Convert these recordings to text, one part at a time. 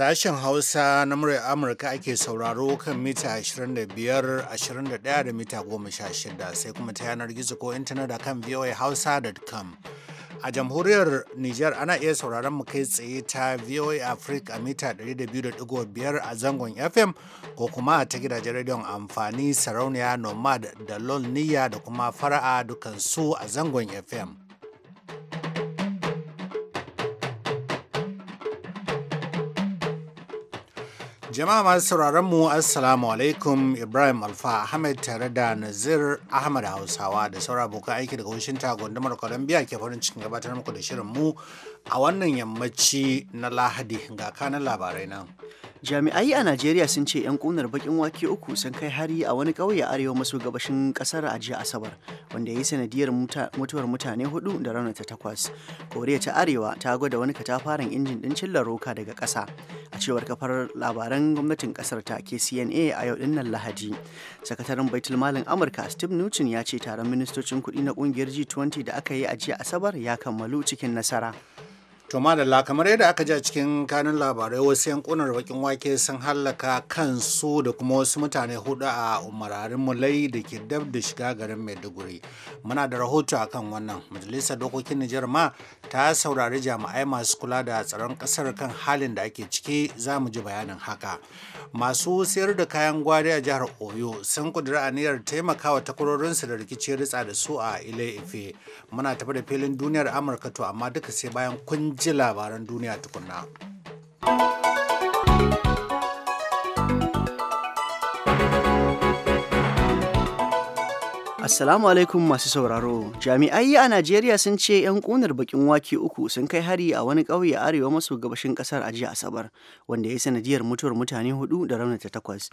Sashen Hausa na murya Amurka ake sauraro kan mita 25, 21 da mita 16 sai kuma ta yanar gizo ko intanet akan voahausa.com. A jamhuriyar Nijar ana iya sauraron mu kai tsaye ta VOA Africa a mita 102.5 a zangon FM ko kuma ta gidajen rediyon amfani sarauniya Nomad da Lolniya da kuma Fara'a dukansu a zangon FM. Jama'a masu sauraron mu Assalamu alaikum Ibrahim Alfa Ahmed tare da Nazir Ahmad Hausawa da saura abokan aiki daga washinta gundumar Columbia ke farin cikin gabatar muku da shirin mu a wannan yammaci na Lahadi ga kanan labarai nan. Jami'ai a Najeriya sun ce 'yan kunar bakin wake uku sun kai hari a wani ƙauye arewa maso gabashin ƙasar a jiya Asabar, wanda ya yi sanadiyar mutuwar mutane hudu da ta takwas. Koriya ta Arewa ta gwada wani katafaren injin ɗin cillar roka daga ƙasa, a cewar kafar labaran gwamnatin ƙasar ta KCNA a yau ɗinnan Lahadi. Sakataren Baitul Malin Amurka Steve Newton ya ce taron ministocin kuɗi na ƙungiyar G20 da aka yi a jiya Asabar ya kammalu cikin nasara. To madalla kamar yadda aka ji a cikin kanun labarai wasu yankunan bakin wake sun hallaka kansu da kuma wasu mutane hudu a umararin mulai da ke dab da shiga garin Maiduguri. Muna da rahoto a kan wannan. Majalisar Dokokin Nijar ma ta saurari jami'ai masu kula da tsaron ƙasar kan halin da ake ciki za mu ji bayanin haka. masu sayar da kayan gwari a jihar oyo sun kudura aniyar taimakawa takwarorinsu da rikicin ritsa da su a ile ife muna tafi da filin duniyar amurka to amma duka sai bayan kun ji labaran duniya tukunna. Assalamu alaikum masu sauraro. Jami'ai a Najeriya sun ce 'yan ƙunar bakin wake uku sun kai hari a wani ƙauye arewa maso gabashin ƙasar a jiya Asabar, wanda ya yi sanadiyar mutuwar mutane hudu da raunata takwas.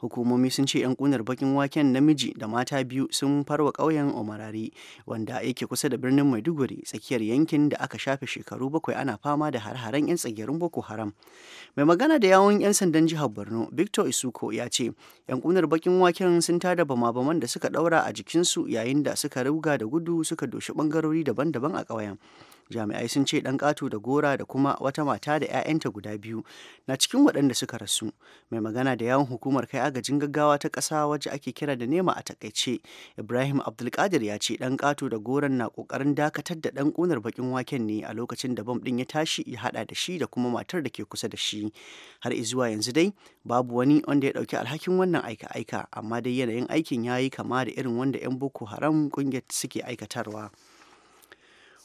hukumomi sun ce 'yan kunar bakin waken namiji da mata biyu sun farwa ƙauyen omarari wanda yake kusa da birnin maiduguri tsakiyar yankin da aka shafe shekaru bakwai ana fama da har-haren 'yan tsagerin boko haram mai magana da yawon 'yan sandan jihar borno victor isuko ya ce 'yan kunar bakin waken sun tada bama-baman da suka daura a jikinsu yayin da suka ruga da gudu suka doshi bangarori daban-daban a ƙauyen jami'ai sun ce dan kato da gora da kuma wata mata da 'ya'yanta guda biyu na cikin waɗanda suka rasu mai magana da yawon hukumar kai agajin gaggawa ta ƙasa waje ake kira da nema a takaice ibrahim abdulkadir ya ce dan kato da goron na ƙoƙarin dakatar da dan ƙunar bakin waken ne a lokacin da bam ɗin ya tashi ya haɗa da shi da kuma matar da ke kusa da shi har izuwa yanzu dai babu wani wanda ya ɗauki alhakin wannan aika-aika amma dai yanayin aikin ya yi kama da irin wanda 'yan boko haram ƙungiyar suke aikatarwa.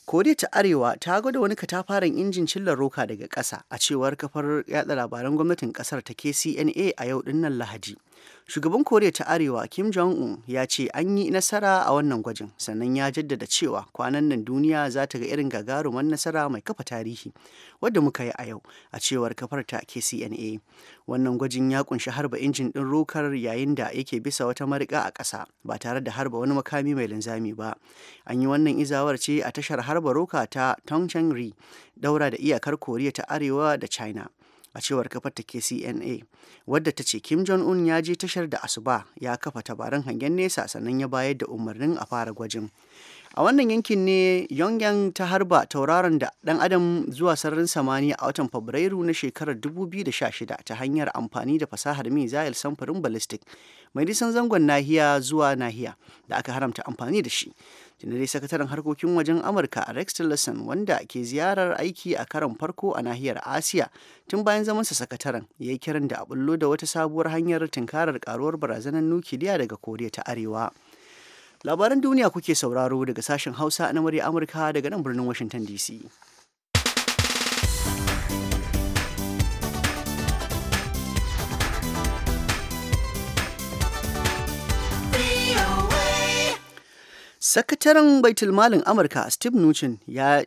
koriya ta arewa ta gwada wani katafaren injin cillar roka daga ƙasa a cewar kafar yada labaran gwamnatin ƙasar ta kcna a yau dinnan lahadi Shugaban Koriya ta Arewa Kim Jong-un ya ce an yi nasara a wannan gwajin sannan ya jaddada cewa kwanan nan duniya za ta ga irin gagarumar nasara mai kafa tarihi wadda muka yi a yau a cewar kafar ta KCNA. Wannan gwajin ya kunshi harba injin ɗin rokar yayin da yake bisa wata marika a ƙasa ba tare da harba wani makami mai linzami ba. An yi wannan izawar ce a tashar harba roka ta Tongcheng-ri daura da iyakar Koriya ta Arewa da China. a cewar kafar ta kcna wadda ta ce kim jong-un ya je tashar da asuba ya kafa tabaran hangen nesa sannan ya bayar da umarnin a fara gwajin a wannan yankin ne yongyang ta harba tauraron da dan adam zuwa sararin samaniya a watan fabrairu na shekarar 2016 ta hanyar amfani da fasahar mizayil samfurin ballistic mai nisan zangon nahiya zuwa nahiya da aka haramta amfani da shi dai sakataren harkokin wajen amurka rex tillerson wanda ke ziyarar aiki a karon farko a nahiyar asiya tun bayan zamansa sakataren ya yi kiran da a bullo da wata sabuwar hanyar tunkarar karuwar barazanar nukiliya daga koriya ta arewa labaran duniya kuke sauraro daga sashen hausa na murya amurka daga nan birnin washington dc Sakataren Baitulmalin Amurka Steve Mnuchin ya,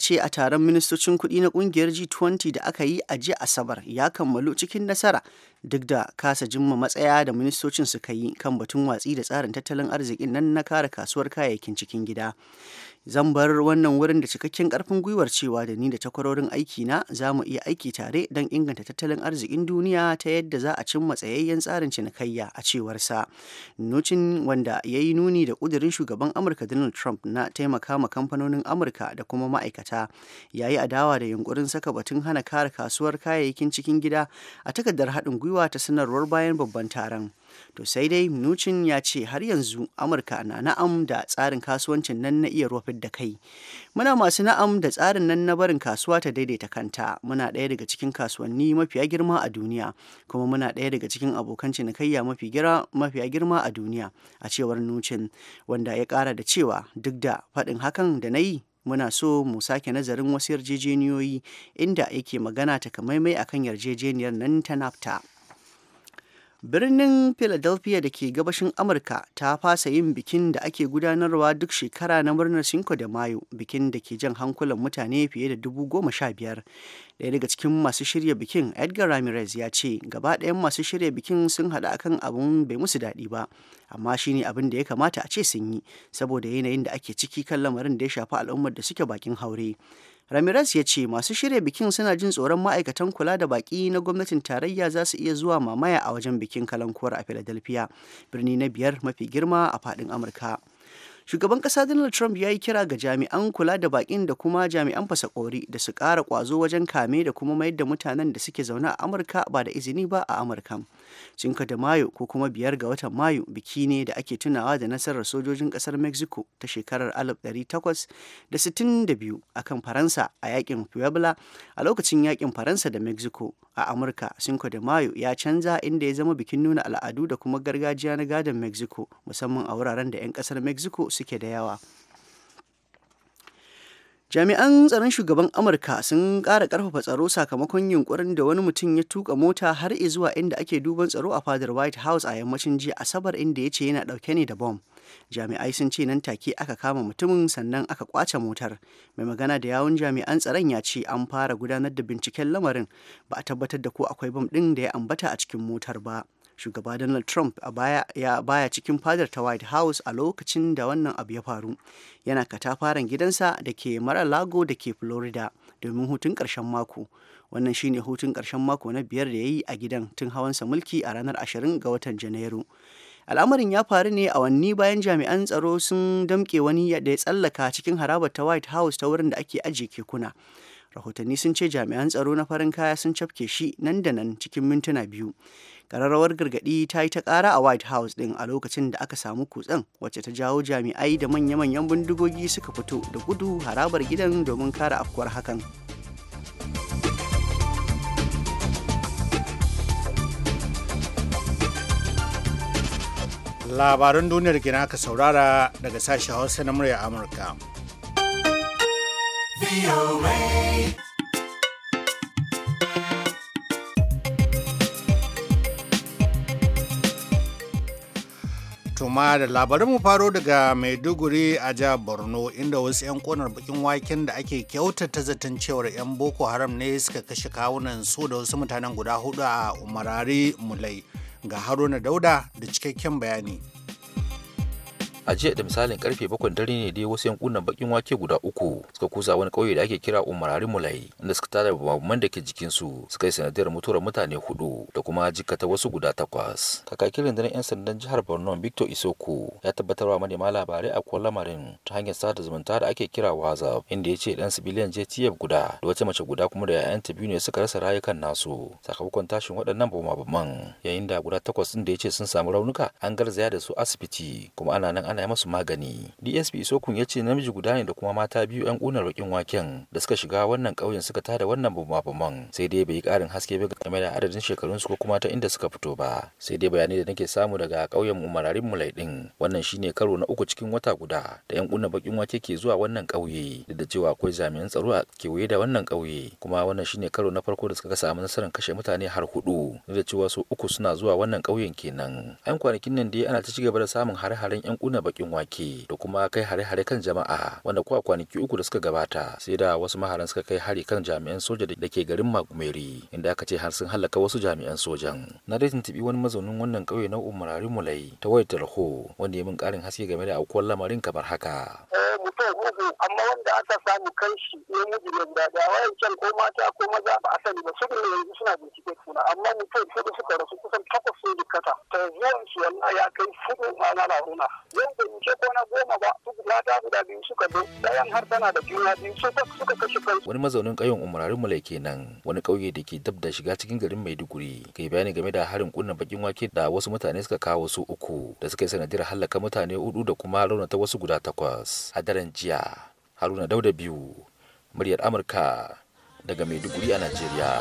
ce a taron ministocin kuɗi na ƙungiyar G20 da aka yi a jiya Asabar ya kammalu cikin nasara duk da kasa jimma matsaya da ministocin suka yi kan batun watsi da tsarin tattalin arzikin nan na kare kasuwar kayayyakin cikin gida zan bar wannan wurin da cikakken karfin gwiwar cewa da ni da takwarorin aiki na za mu iya aiki tare don inganta tattalin arzikin duniya ta yadda za a cimma tsayayyen tsarin cinikayya a cewar sa nucin wanda ya yi nuni da kudirin shugaban amurka donald trump na taimaka ma kamfanonin amurka da kuma ma'aikata ya yi adawa da yunkurin saka batun hana kare kasuwar kayayyakin cikin gida a takardar haɗin gwiwa ta sanarwar bayan babban taron. To sai dai Mnuchin ya ce har yanzu Amurka na na'am da tsarin kasuwancin nan na iya rufin da kai. Muna masu na'am da tsarin nan na barin kasuwa ta daidaita kanta. Muna ɗaya daga cikin kasuwanni mafiya girma a duniya, kuma muna ɗaya daga cikin abokan cinikayya mafi mafiya girma a duniya, a cewar Mnuchin, wanda ya kara da cewa duk da faɗin hakan da na yi muna so mu sake nazarin wasu yarjejeniyoyi inda yake magana kamaimai akan yarjejeniyar nan ta NAFTA. birnin philadelphia da ke gabashin amurka ta fasa yin bikin da ake gudanarwa duk shekara na murnar cinco de mayo bikin da ke jan hankulan mutane fiye da dubu goma sha biyar daya daga cikin masu shirya bikin edgar ramirez ya ce gaba ɗayan masu shirya bikin sun haɗa akan abun bai musu daɗi ba amma shine abin da ya kamata a ce sun yi saboda yanayin da ake ciki kan lamarin da ya shafi al'ummar da suke bakin haure Ramirez ya ce masu shirya bikin suna jin tsoron ma'aikatan kula da baki na gwamnatin tarayya za su iya zuwa mamaya a wajen bikin kalankuwar a Philadelphia, birni na biyar mafi girma a faɗin Amurka. shugaban ƙasa donald trump ya yi kira ga jami'an kula da bakin da kuma jami'an fasakori da su ƙara ƙwazo wajen kame da kuma mayar da mutanen da suke zaune a amurka ba da izini ba a amurka Cinco de Mayo ko kuma biyar ga watan Mayu biki ne da ake tunawa da nasarar sojojin ƙasar Mexico ta shekarar 1862 a kan Faransa a yakin Puebla a lokacin yakin Faransa da Mexico a Amurka Cinco de Mayo ya canza inda ya zama bikin nuna al'adu da kuma gargajiya na gadon Mexico musamman a wuraren da 'yan ƙasar Mexico suke da yawa. Jami'an tsaron shugaban Amurka sun ƙara karfafa tsaro sakamakon yunkurin da wani mutum ya tuka mota har zuwa inda ake duban tsaro a fadar White House a yammacin jiya Asabar inda ya ce yana ɗauke ne da bom. Jami'ai sun ce nan take aka kama mutumin sannan aka kwace motar. Mai magana da yawun jami'an tsaron ya ce an fara gudanar da binciken lamarin ba a tabbatar da ko akwai bom ɗin da ya ambata a cikin motar ba. shugaba donald trump a baya ya baya cikin fadar ta white house a lokacin da wannan abu ya faru yana katafaren gidansa da ke mara lago da ke florida domin hutun karshen mako wannan shine hutun ƙarshen mako na biyar da ya yi a gidan tun hawansa mulki a ranar 20 ga watan janairu al'amarin ya faru ne a wanni bayan jami'an tsaro sun damƙe wani da ya tsallaka cikin harabar ta white house ta wurin da ake ajiye kekuna rahotanni sun ce jami'an tsaro na farin kaya sun cafke shi nan da nan cikin mintuna biyu Kararrawar gargadi ta yi ta ƙara a White House ɗin a lokacin da aka samu kutsen wacce ta jawo jami'ai da manya-manyan bindigogi suka fito da gudu harabar gidan domin kare afkuwar hakan. labaran duniyar gina ka saurara daga sashen hausa na murya amurka. Tuma da labarin mu faro daga Maiduguri a jihar Borno inda wasu 'yan konar bakin waken da ake kyautata zaton cewar 'yan Boko Haram ne suka kashe kawunan su da wasu mutanen guda hudu a Umarari Mulai ga Haruna Dauda da cikakken bayani. a jiya da misalin karfe bakwai dare ne dai wasu yankunan bakin wake guda uku suka kusa wani kauye da ake kira umarari mulai inda suka tara babban da ke jikin su suka yi sanadiyar mutuwar mutane hudu da kuma jikata wasu guda takwas kakakin rundunar yan sandan jihar borno victor isoko ya tabbatar wa manema labarai a kuwa lamarin ta hanyar sada zumunta da ake kira Wazaf, inda ya ce dan sibiliyan jtf guda da wace mace guda kuma da 'ya'yanta biyu ne suka rasa rayukan nasu sakamakon tashin waɗannan bama-baman yayin da guda takwas din da ya ce sun samu raunuka an garzaya da su asibiti kuma ana nan hana masu magani dsp sokun ya ce namiji guda ne da kuma mata biyu yan kunar bakin waken da suka shiga wannan kauyen suka tada wannan bumabuman sai dai bai yi ƙarin haske ba game da adadin shekarun su ko kuma ta inda suka fito ba sai dai bayanai da nake samu daga ƙauyen umararin mulai din wannan shine karo na uku cikin wata guda da yan kunar bakin wake ke zuwa wannan kauye da cewa akwai jami'an tsaro a kewaye da wannan kauye kuma wannan shine karo na farko da suka samu nasarar kashe mutane har hudu da cewa su uku suna zuwa wannan kauyen kenan an kwanakin nan dai ana ta cigaba da samun hare-haren yan kunar bakin wake da kuma kai hare-hare kan jama'a wanda kuwa kwanaki uku da suka gabata sai da wasu maharan suka kai hari kan jami'an soja da ke garin magumeri inda aka ce har sun halaka wasu jami'an sojan na dai tuntubi wani mazaunin wannan ƙauye na umarari mulai ta wayar tarho wanda ya min ƙarin haske game da aukuwar lamarin kamar haka. Eh, mutum amma wanda aka samu kanshi shi ne miji ne da wayan can ko mata ko maza ba a sani ba su ne yanzu suna bincike suna amma mutum su da suka rasu kusan takwas sun dukkata ta zuwan shi wallahi ya kai fudu ma na laruna yau bai ko na goma ba mata guda biyu suka zo bayan har tana da juna biyu su suka kashe Wani mazaunin ƙauyen umarin Mulai kenan wani ƙauye da ke dab da shiga cikin garin Maiduguri ke bayani game da harin kunna bakin wake da wasu mutane suka kawo su uku da suka yi sanadiyar halaka mutane hudu da kuma raunata wasu guda takwas a daren jiya. Haruna Dauda biyu muryar Amurka daga Maiduguri a Najeriya.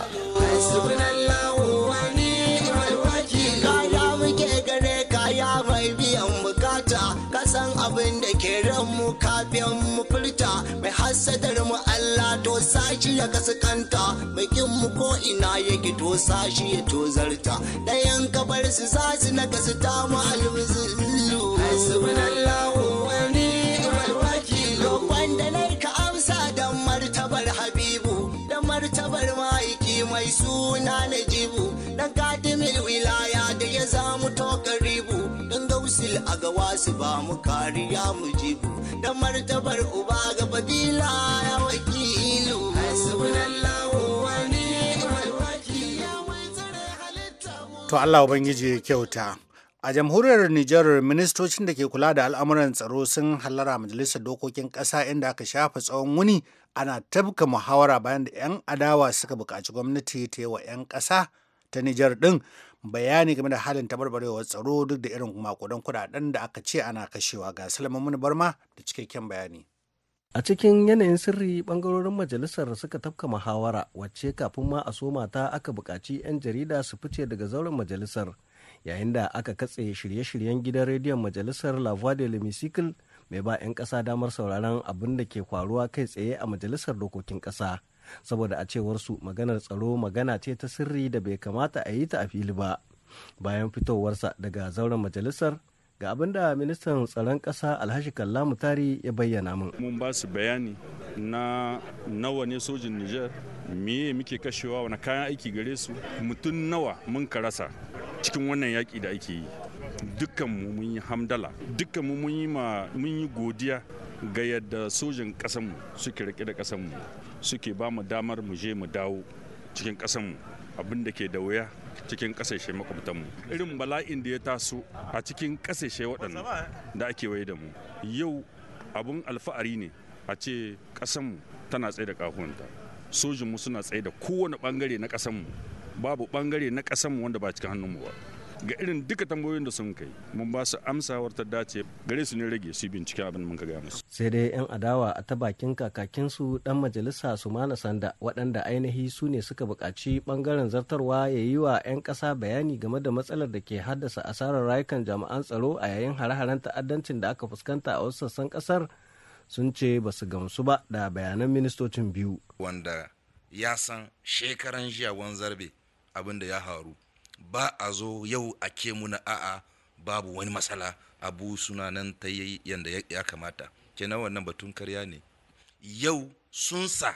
hasadar mu Allah to sashi ya kanta bakin mu ko ina yake to sashi ya tozarta dayan kabar su zasu na kasu ta mu alwazillu Allah a ga wasu ba kariya mu jibu da martabar uba ga fadila ya wakilu to Allah ubangiji kyauta A jamhuriyar Nijar, ministocin da ke kula da al'amuran tsaro sun hallara majalisar dokokin ƙasa inda aka shafa tsawon wuni ana tabka muhawara bayan da 'yan adawa suka bukaci gwamnati ta yi wa 'yan ƙasa ta Nijar ɗin bayani game da halin tabarbarewar tsaro duk da irin makudan kudaden da aka ce ana kashewa ga salamun barma da cikakken bayani a cikin yanayin sirri bangarorin majalisar suka tafka muhawara wacce kafin ma a soma ta aka buƙaci 'yan jarida su fice daga zauren majalisar yayin da aka katse shirye-shiryen gidan rediyon majalisar la voix de mai ba 'yan ƙasa damar sauraron abin da ke kwaruwa kai tsaye a majalisar dokokin ƙasa saboda a cewar su maganar tsaro magana ce ta sirri da bai kamata a yi ta a fili ba bayan fitowarsa daga zauren majalisar ga abin da ministan tsaron ƙasa alhashi kalla mutari ya bayyana min mun ba su bayani na nawa ne sojin niger meye muke kashewa wani kayan aiki gare su mutum nawa mun karasa cikin wannan yaƙi da ake yi dukkanmu mun yi hamdala dukkanmu mun yi godiya ga yadda sojin ƙasanmu suke rike da ƙasanmu suke ba mu damar mu je mu dawo cikin ƙasanmu abin da ke da wuya cikin kasashe makwabtanmu irin bala'in da ya taso a cikin kasashe waɗannan da ake waye da mu yau abun alfa'ari ne a ce ƙasanmu tana tsaye da ƙahonta sojinmu suna tsaye da kowane ɓangare na ƙasanmu babu ɓangare na ƙasanmu wanda ba cikin hannunmu ba ga irin duka tambayoyin da sun kai mun ba su amsawar ta dace gare su ne rage su bincike abin mun ka musu sai dai yan adawa a ta bakin kakakin su dan majalisa su mana Sanda waɗanda ainihi su ne suka buƙaci bangaren zartarwa ya yi wa yan ƙasa bayani game da matsalar da ke haddasa asarar rayukan jami'an tsaro a yayin hare-haren ta'addancin da aka fuskanta a wasu sassan ƙasar sun ce ba su gamsu ba da bayanan ministocin biyu wanda ya san shekaran jiya zarbe abin da ya haru ba a zo yau a ke muna a'a babu wani matsala abu suna nan ta yi yadda ya kamata kenan wannan batun karya ne yau sun sa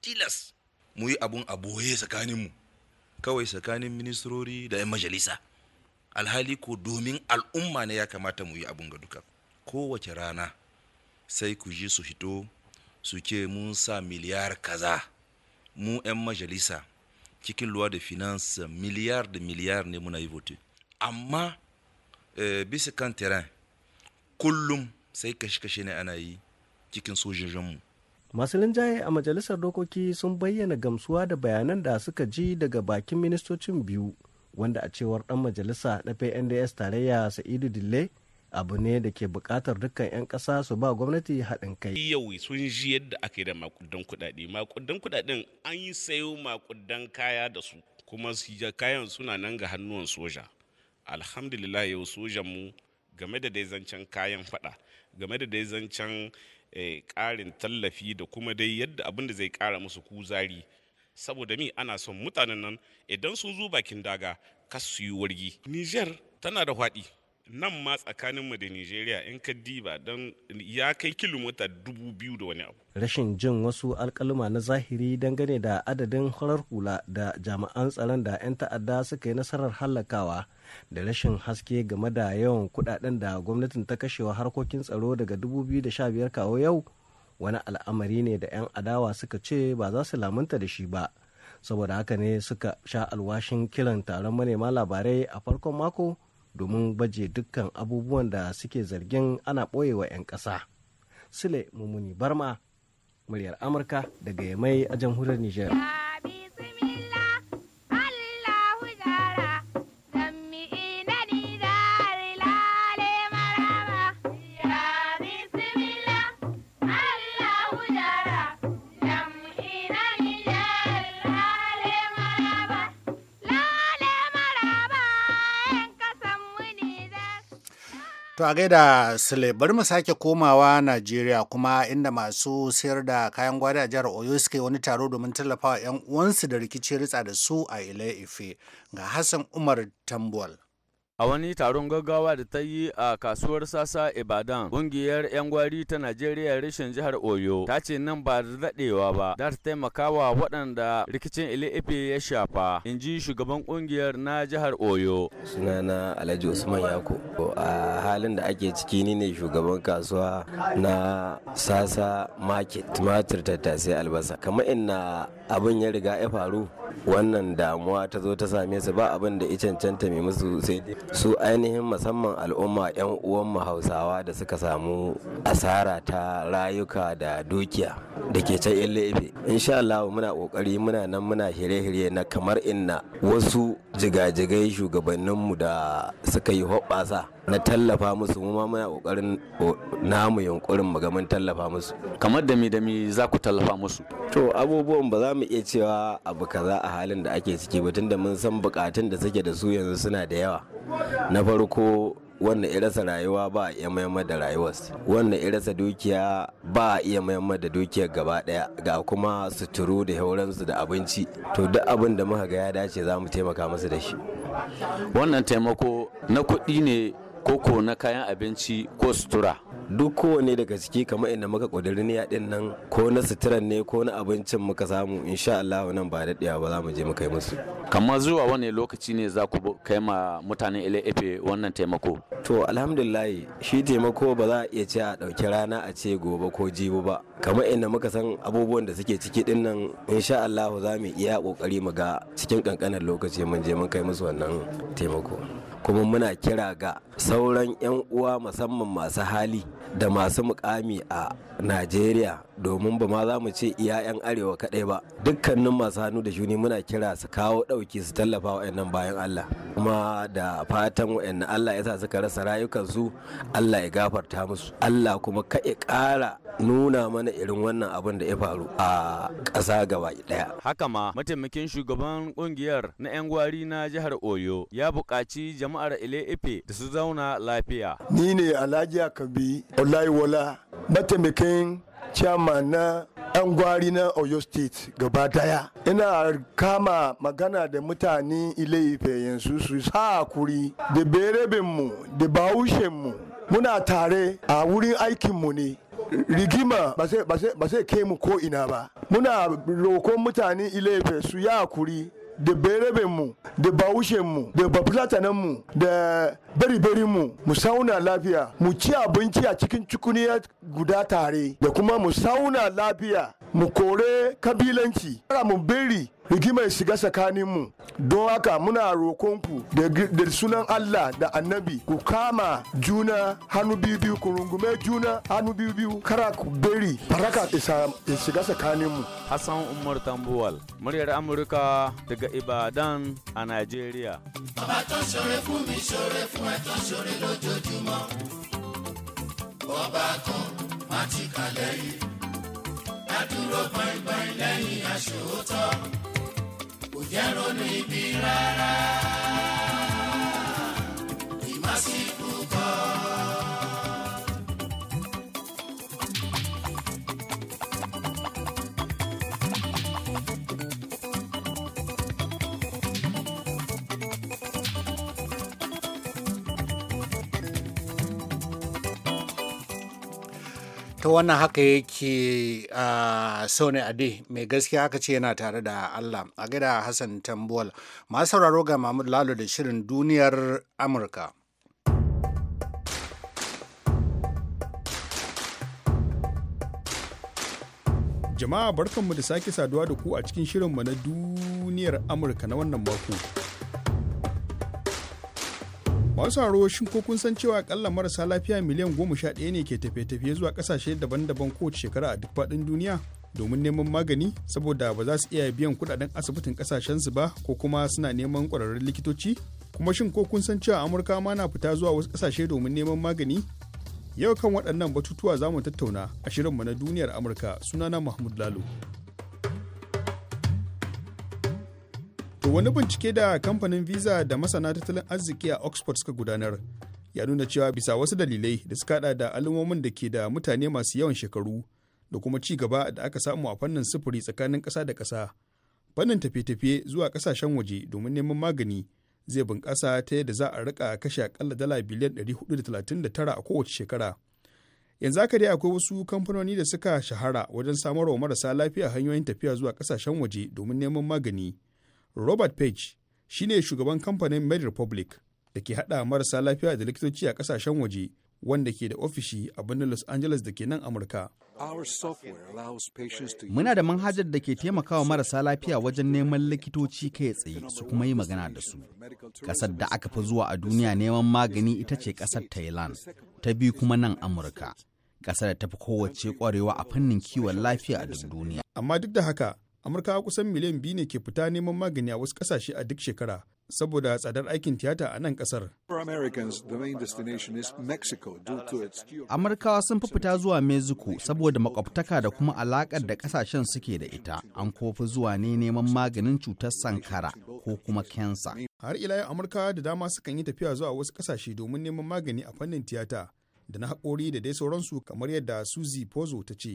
tilas mu yi abun a boye tsakaninmu kawai tsakanin ministrori da 'yan majalisa alhali ko domin al'umma ne ya kamata mu yi abun ga duka kowace rana sai ku ji su hito su ke mun sa miliyar kaza mu 'yan majalisa cikin luwa da finance miliyar da miliyar ne muna yi vote amma euh, bisa kan terrain kullum sai kashe-kashe ne ana yi cikin sojojinmu masu linjaye a majalisar dokoki sun bayyana gamsuwa da bayanan da suka ji daga bakin ministocin biyu wanda a cewar dan majalisa na pnds tarayya sa'idu dille abu ne da ke bukatar dukkan 'yan ƙasa su ba gwamnati haɗin kai. Yau sun ji yadda aka yi da makudan kuɗaɗe. Makudan kuɗaɗen an yi sayo makudan kaya da su kuma kayan suna nan ga hannuwan soja. Alhamdulillah yau sojan mu game da dai zancen kayan faɗa game da dai zancen eh, ƙarin tallafi da kuma dai yadda abin da zai ƙara musu kuzari. Saboda mi ana son mutanen nan idan sun zo bakin daga kasu su yi wargi. Niger tana da faɗi. nan ma tsakaninmu da nigeria in ka diba don ya kai kilomita dubu biyu da wani abu rashin jin wasu alkaluma na zahiri dangane da adadin horar hula da jami'an tsaron da 'yan ta'adda suka yi nasarar hallakawa da rashin haske game da yawan kudaden da gwamnatin ta kashewa harkokin tsaro daga 2015 kawo yau wani al'amari ne da 'yan adawa suka ce ba za su lamunta da shi ba saboda haka ne suka sha alwashin kiran taron manema labarai a farkon mako domin baje dukkan abubuwan da suke zargin ana ɓoyewa 'yan ƙasa. Sule Mumuni Barma, muryar Amurka daga Yamai a jamhuriyar Nijar. To a gaida Sule bari mu sake komawa Najeriya kuma inda masu sayar da kayan gwada a jihar Oyo suka yi wani taro domin tallafawa 'yan uwansu da rikici ritsa da su a Ile Ife ga Hassan Umar Tambuwal. A wani taron gaggawa da ta yi a kasuwar Sasa Ibadan, ƙungiyar 'yan gwari ta Najeriya rashin jihar Oyo ta ce nan ba da daɗewa ba, za ta taimaka wa waɗanda rikicin Ile-Ife ya shafa, in ji shugaban ƙungiyar na jihar Oyo. Sunana Alhaji Usman Yako. A halin da ake ciki ni ne shugaban kasuwa na Sasa Market, tumatir tattasai albasa. Kamar ina abin ya riga ya faru, wannan damuwa ta zo ta same su ba abin da cancanta mai musu sai su ainihin musamman al'umma 'yan uwanmu hausawa da suka samu asara ta rayuka da dukiya da ke can yan laifi insha Allah muna kokari muna nan muna hire-hire na kamar inna wasu jigajigai shugabanninmu da suka yi hoɓɓasa na tallafa musu mu ma muna kokarin namu yunkurin mu ga tallafa musu kamar da mi da mi za ku tallafa musu to abubuwan ba za mu iya cewa abu kaza a halin da ake ciki ba tunda mun san bukatun da suke da su yanzu suna da yawa na farko wannan irasa rayuwa ba a iya mayamar da rayuwar wannan irasa dukiya ba a iya mayamar da dukiyar gaba daya ga kuma suturu da hauransu da abinci to duk abin da muka ga ya dace za mu taimaka musu da shi wannan taimako na kuɗi ne koko na kayan abinci ko sutura duk kowane daga ciki kamar inda muka ƙudiri niyya din nan ko na suturan ne ko na abincin muka samu insha Allah nan ba daɗewa ba za mu je mu kai musu kamar zuwa wani lokaci ne za ku kai ma mutanen LAF wannan taimako to alhamdulillah shi taimako ba za a iya ce a ɗauki rana a ce gobe ko jibi ba kamar inda muka san abubuwan da suke ciki din nan insha Allah za mu iya kokari mu ga cikin kankanin lokaci mun je mun kai musu wannan taimako kuma muna kira ga sauran 'yan uwa musamman masu hali da masu mukami a najeriya domin ba ma za mu ce iya arewa kaɗai ba dukkanin masu hannu da shuni muna kira su kawo ɗauki su tallafa nan bayan Allah kuma da fatan na Allah ya sa suka rasa rayukansu Allah ya gafarta musu Allah kuma ka ya ƙara nuna mana irin wannan abin da ya faru a ƙasa gaba ɗaya. Haka ma mataimakin shugaban ƙungiyar na 'yan gwari na jihar Oyo ya buƙaci jama'ar Ile Ife da su zauna lafiya. Ni ne Alhaji Akabi Olaiwola mataimakin chairman na 'yan gwari na oyo state gaba daya ina kama magana da mutane ile ife yanzu su sa hakuri da mu da mu. muna tare a wurin aikin mu ne rigima ba sai ke mu ko ina ba muna rokon mutane ife su ya hakuri da berebenmu mu da bawushen da bafulatanen da beriberinmu mu mu sauna lafiya mu ci abinci a cikin cikuniya guda tare da kuma mu sauna lafiya mu kore kabilanci kara mu beri rigimar shiga tsakanin mu don haka muna rokonku da sunan Allah da annabi ku kama juna hannu biyu ku rungume juna hannu biyu kara ku beri faraka ya shiga tsakanin mu Hassan Umar Tambuwal muryar Amurka daga Ibadan a Najeriya mi kan a dúró gbọ̀ngbọ̀n lẹ́yìn àṣòótọ́ kò jẹ́ ronú ibi rárá ìmásíkù. ta wannan haka yake a sone ade mai gaskiya haka ce yana tare da allah a gida hassan tambuwal masu sauraro ga mahmud lalo da shirin duniyar amurka jama'a barkanmu da sake saduwa da ku a cikin shirinmu na duniyar amurka na wannan mako masu haro shin ko kun san cewa akalla marasa lafiya miliyan goma sha ɗaya ne ke tafiye-tafiye zuwa ƙasashe daban-daban kowace shekara a duk faɗin duniya domin neman magani saboda ba za su iya biyan kuɗaɗen asibitin ƙasashensu ba ko kuma suna neman ƙwararrun likitoci kuma shin ko kun san cewa amurka ma na fita zuwa wasu ƙasashe domin neman magani yau kan waɗannan batutuwa za mu tattauna a shirinmu na duniyar amurka sunana mahmud lalo To wani bincike da kamfanin Visa da masana tattalin arziki a Oxford suka gudanar ya nuna cewa bisa wasu dalilai da suka hada da al'ummomin da ke da mutane masu yawan shekaru da kuma ci gaba da aka samu a fannin sufuri tsakanin ƙasa da ƙasa. Fannin tafiye-tafiye zuwa ƙasashen waje domin neman magani zai bunƙasa ta yadda za a rika kashe akalla dala biliyan 439 a kowace shekara. Yanzu haka dai akwai wasu kamfanoni da suka shahara wajen samarwa marasa lafiya hanyoyin tafiya zuwa kasashen waje domin neman magani. robert page ne shugaban kamfanin med republic da ke hada marasa lafiya da likitoci a ƙasashen waje wanda ke da ofishi a birnin los angeles da ke nan amurka muna da manhajar da ke taimakawa marasa lafiya wajen neman likitoci kai tsaye su kuma yi magana da su kasar da aka fi zuwa a duniya neman magani ita ce ƙasar thailand ta biyu kuma nan amurka kasar da ta fi kowace kwarewa a fannin kiwon lafiya a duk duniya amma duk da haka amurkawa kusan miliyan biyu ne ke fita neman magani a wasu kasashe a duk shekara saboda tsadar aikin tiyata a nan kasar amurkawa sun fi fita zuwa mexico saboda makwabtaka da kuma alakar da kasashen suke da ita an kofi zuwa ne neman maganin cutar sankara ko kuma kensa har ila amurkawa da dama sukan yi tafiya zuwa wasu kasashe domin neman magani a fannin tiyata da na haƙori da dai sauransu kamar yadda suzy pozo ta ce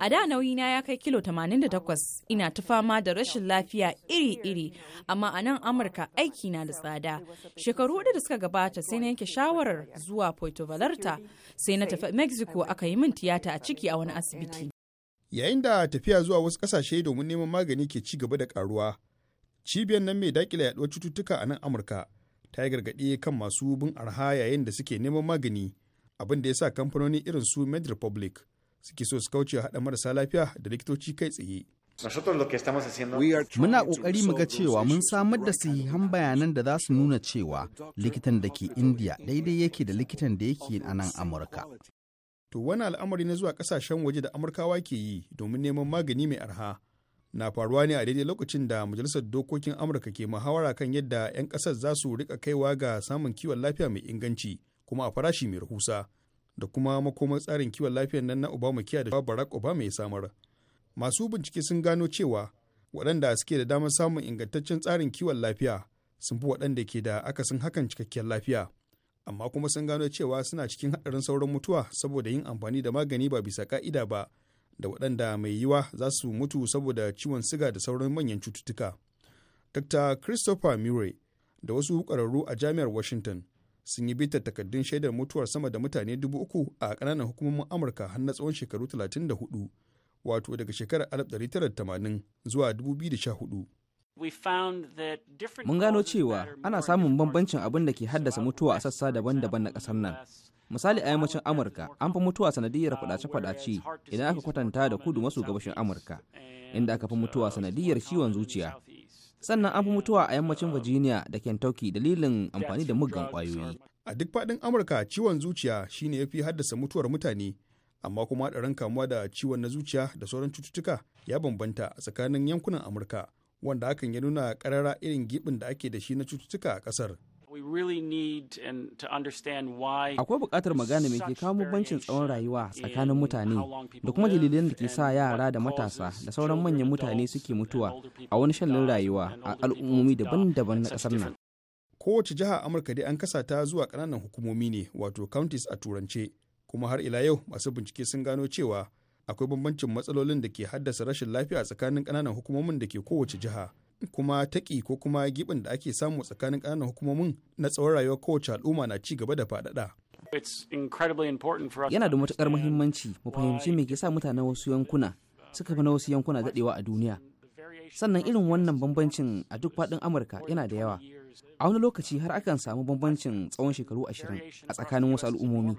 A da nauyi na ya kai kilo 88 ina ta fama da rashin lafiya iri-iri, amma a nan Amurka aiki na da tsada. Shekaru hudu da suka gabata sai na yanke shawarar zuwa Puerto Vallarta, sai na tafi Mexico aka yi min tiyata a ciki a wani asibiti. Yayin da tafiya zuwa wasu kasashe domin neman magani ke ci gaba da karuwa cibiyar nan mai dakila yaɗuwar cututtuka a nan Amurka ta yi gargaɗi kan masu bin arha yayin da suke neman magani, abin da ya sa kamfanoni irin su Med Republic suke so su kauce haɗa marasa lafiya da likitoci kai tsaye. Muna ƙoƙari mu ga cewa mun samar da sahihan bayanan da za su nuna cewa likitan da ke Indiya daidai yake da likitan da yake a nan Amurka. To wani al'amari na zuwa ƙasashen waje da Amurkawa ke yi domin neman magani mai arha na faruwa ne a daidai lokacin da Majalisar Dokokin Amurka ke muhawara kan yadda 'yan ƙasar za su riƙa kaiwa ga samun kiwon lafiya mai inganci kuma a farashi mai rahusa. da kuma makomar tsarin kiwon lafiyar nan na obamacare da barack obama ya samar masu bincike sun gano cewa waɗanda suke da damar samun ingantaccen tsarin kiwon lafiya sun fi waɗanda ke da akasin hakan cikakkiyar lafiya amma kuma sun gano cewa suna cikin haɗarin sauran mutuwa saboda yin amfani da magani ba bisa ka'ida ba da waɗanda mai yiwa za su mutu saboda ciwon siga da sauran manyan cututtuka. Dr. Christopher Murray da wasu ƙwararru a Jami'ar Washington sun yi bitar takardun shaidar mutuwar sama da mutane dubu uku a ƙananan hukumomin amurka har na tsawon shekaru 34 wato daga shekarar 1980 zuwa 2014 Mun gano cewa ana samun bambancin abin da ke haddasa mutuwa a sassa daban-daban na ƙasar nan. Misali a yammacin Amurka, an fi mutuwa uh, sanadiyar fadace-fadace idan aka kwatanta da kudu maso gabashin Amurka, inda aka fi mutuwa uh, sanadiyar ciwon zuciya, sannan an fi mutuwa a yammacin virginia da kentucky dalilin amfani da muggan kwayoyi a duk faɗin amurka ciwon zuciya shine ya fi haddasa mutuwar mutane amma kuma haɗarin kamuwa da ciwon na zuciya da sauran cututtuka ya bambanta a tsakanin yankunan amurka wanda hakan ya nuna ƙarara irin gibin da ake da shi na cututtuka a ƙasar Akwai buƙatar magana mai ke kawo bambancin tsawon rayuwa tsakanin mutane da kuma dalilan da ke sa yara da matasa da sauran manyan mutane suke mutuwa a wani shallin rayuwa a al'ummomi daban-daban na ƙasar nan. Kowace jiha Amurka dai an kasa ta zuwa ƙananan hukumomi ne wato counties a turance kuma har ila yau masu bincike sun gano cewa akwai bambancin matsalolin da ke haddasa rashin lafiya tsakanin ƙananan hukumomin da ke kowace jiha. kuma taƙi ko kuma gibin da ake samu tsakanin ƙananan hukumomin na tsawon rayuwar kowace al'umma na ci gaba da faɗaɗa. Yana da matuƙar muhimmanci mu fahimci me ke sa mutanen wasu yankuna suka fi na wasu yankuna daɗewa a duniya. Sannan irin wannan bambancin a duk faɗin Amurka yana da yawa. A wani lokaci har akan samu bambancin tsawon shekaru ashirin a tsakanin wasu al'ummomi.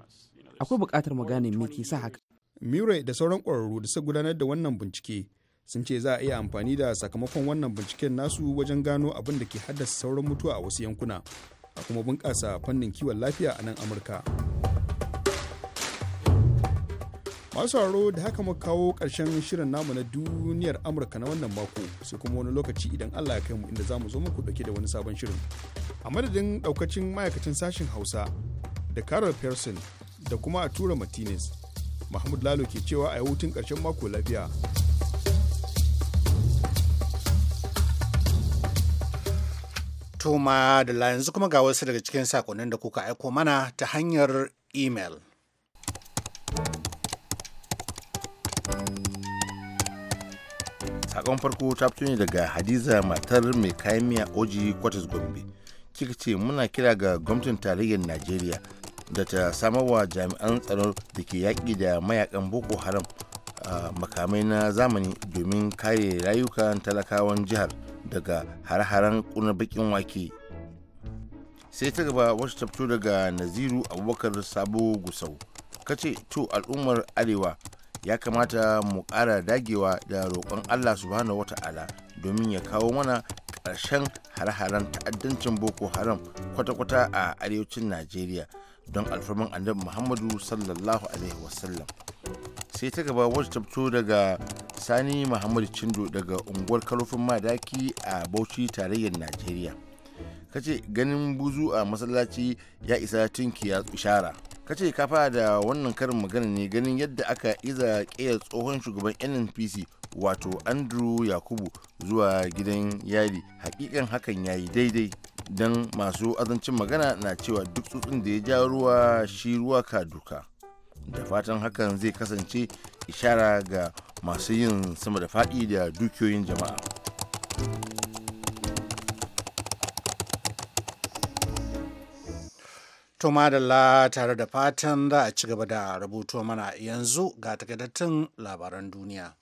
Akwai buƙatar mu gane me ke sa haka. Mure da sauran ƙwararru da suka gudanar da wannan bincike sun ce za a iya amfani da sakamakon wannan binciken nasu wajen gano abin da ke haddasa sauran mutuwa a wasu yankuna a kuma bunƙasa fannin kiwon lafiya a nan amurka masu haro da haka muka kawo ƙarshen shirin namu na duniyar amurka na wannan mako sai kuma wani lokaci idan allah ya kai mu inda za mu zo muku dauke da wani sabon shirin a madadin daukacin ma'aikacin sashen hausa da carol pearson da kuma a tura martinez mahmud lalo ke cewa a yi hutun ƙarshen mako lafiya To ma da yanzu kuma ga wasu daga cikin sakonnin da kuka aiko mana ta hanyar email. Sakon farko ta fito ne daga Hadiza matar mai kayan miya Oji Kwatas Gombe. Kika ce muna kira ga gwamnatin tarayyar Najeriya da ta samarwa jami'an tsaron da ke yaƙi da mayakan Boko Haram makamai na zamani domin kare rayukan talakawan jihar daga har-haren kuna bakin wake sai ta gaba wacce ta daga naziru abubakar sabo gusau kace to al'ummar arewa ya kamata mu ƙara dagewa da roƙon allah subhanahu wata'ala domin ya kawo mana ƙarshen har-haren ta'addancin boko haram kwata-kwata a arewacin najeriya don alfarman annabi muhammadu sallallahu alaihi wasallam sai ta gaba wacce ta daga sani muhammad cindo daga unguwar kalofin madaki a bauchi tarayyar najeriya kace ganin buzu a masallaci ya isa tinki ya ishara kace kafa da wannan karin magana ne ganin yadda aka iza ƙeyar tsohon shugaban nnpc wato andrew yakubu zuwa gidan yari hakikan hakan ya yi daidai don masu azancin magana na cewa duk tsutsun da ya ja ruwa shi ruwa ka duka da fatan hakan zai kasance ishara ga masu yin sama da faɗi da dukiyoyin jama'a to madalla tare da fatan za a ci gaba da rubuto mana yanzu ga takaitattun labaran duniya.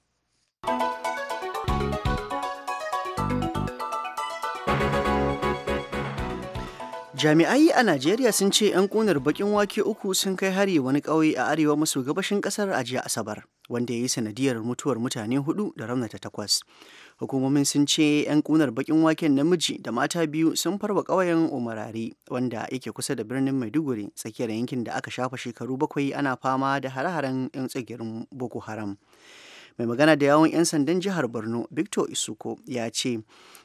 Jami'ai a Najeriya sun ce 'yan kunar bakin wake uku sun kai hari wani ƙauye a arewa maso gabashin ƙasar a jiya Asabar, wanda ya yi sanadiyar mutuwar mutane hudu da raunata takwas. Hukumomin sun ce 'yan kunar bakin waken namiji da mata biyu sun farwa ƙauyen Umarari, wanda yake kusa da birnin Maiduguri, tsakiyar yankin da aka shafa shekaru bakwai ana fama da hare-haren 'yan tsagirin Boko Haram. mai magana da yawon 'yan sandan jihar borno victor isuko ya ce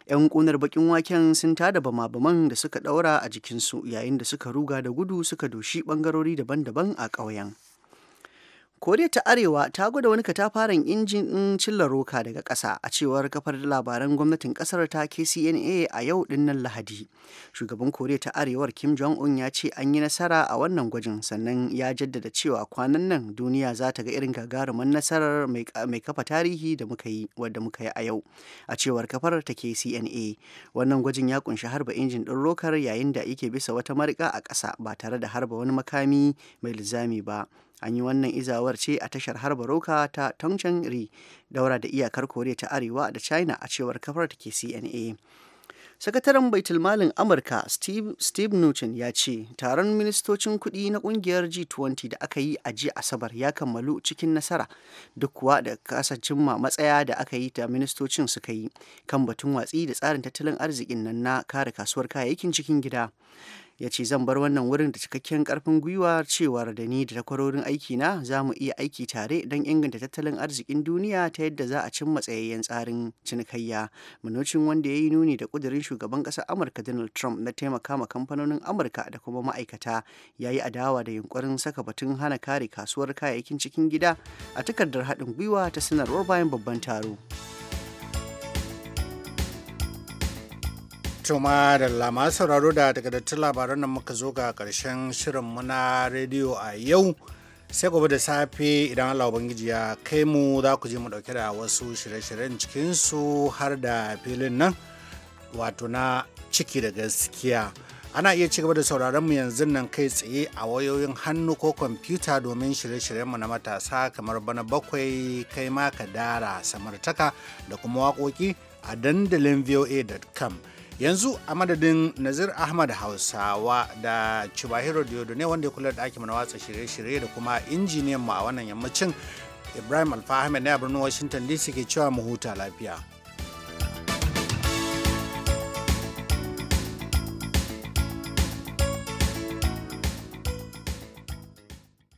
'yan kunar bakin waken sun tada bama-baman da suka daura a jikinsu yayin da suka ruga da gudu suka doshi bangarori daban-daban a ƙauyen. koriya ta arewa ta gwada wani katafaren injin ɗin cilla roka daga ƙasa a cewar kafar labaran gwamnatin ƙasar ta kcna a yau dinnan lahadi shugaban koriya ta arewar kim jong un ya ce an yi nasara a wannan gwajin sannan ya jaddada cewa kwanan nan duniya za ta ga irin gagarumin nasarar mai kafa tarihi da muka yi wadda muka yi a yau a cewar kafar ta kcna wannan gwajin ya kunshi harba injin ɗin rokar yayin da yake bisa wata marika a ƙasa ba tare da harba wani makami mai lizami ba an yi wannan izawar ce a tashar harba roka ta tongcheng ri daura da iyakar koriya ta arewa da china a cewar kafar ta ke cna sakataren baitulmalin amurka steve, steve ya ce taron ministocin kudi na kungiyar g20 da aka yi a jiya asabar ya kammalu cikin nasara duk kuwa da kasancin ma matsaya da aka yi ta ministocin suka yi kan batun watsi da tsarin tattalin arzikin nan na kare kasuwar kayayyakin cikin gida ya ce zan bar wannan wurin da cikakken karfin gwiwa cewar da ni da takwarorin aiki na za mu iya aiki tare don inganta tattalin arzikin duniya ta yadda za a cimma tsayayyen tsarin cinikayya manocin wanda ya yi nuni da kudirin shugaban ƙasar amurka donald trump na taimaka ma kamfanonin amurka da kuma ma'aikata ya yi adawa da yunkurin saka batun hana kare kasuwar kayayyakin cikin gida a takardar haɗin gwiwa ta sanarwar bayan babban taro. Tuma da lama sauraro da takardattun labaran nan muka zo ga karshen shirin muna rediyo a yau sai gobe da safe idan Allah Ubangiji ya kai mu za ku je mu dauke da wasu shirye-shiryen cikinsu har da filin nan wato na ciki da gaskiya. ana iya cigaba da sauraron mu yanzu nan kai tsaye a wayoyin hannu ko kwamfuta domin shirye-shiryenmu na matasa kamar bana bakwai kai ma ka dara samartaka da kuma waƙoƙi a dandalin voa.com yanzu a madadin nazir ahmad hausawa da chibahiro ne wanda ya kula da ɗakin na watsa shirye-shirye da kuma injiniyan mu a wannan yammacin ibrahim alfahamed na birnin washington dc ke cewa mu huta lafiya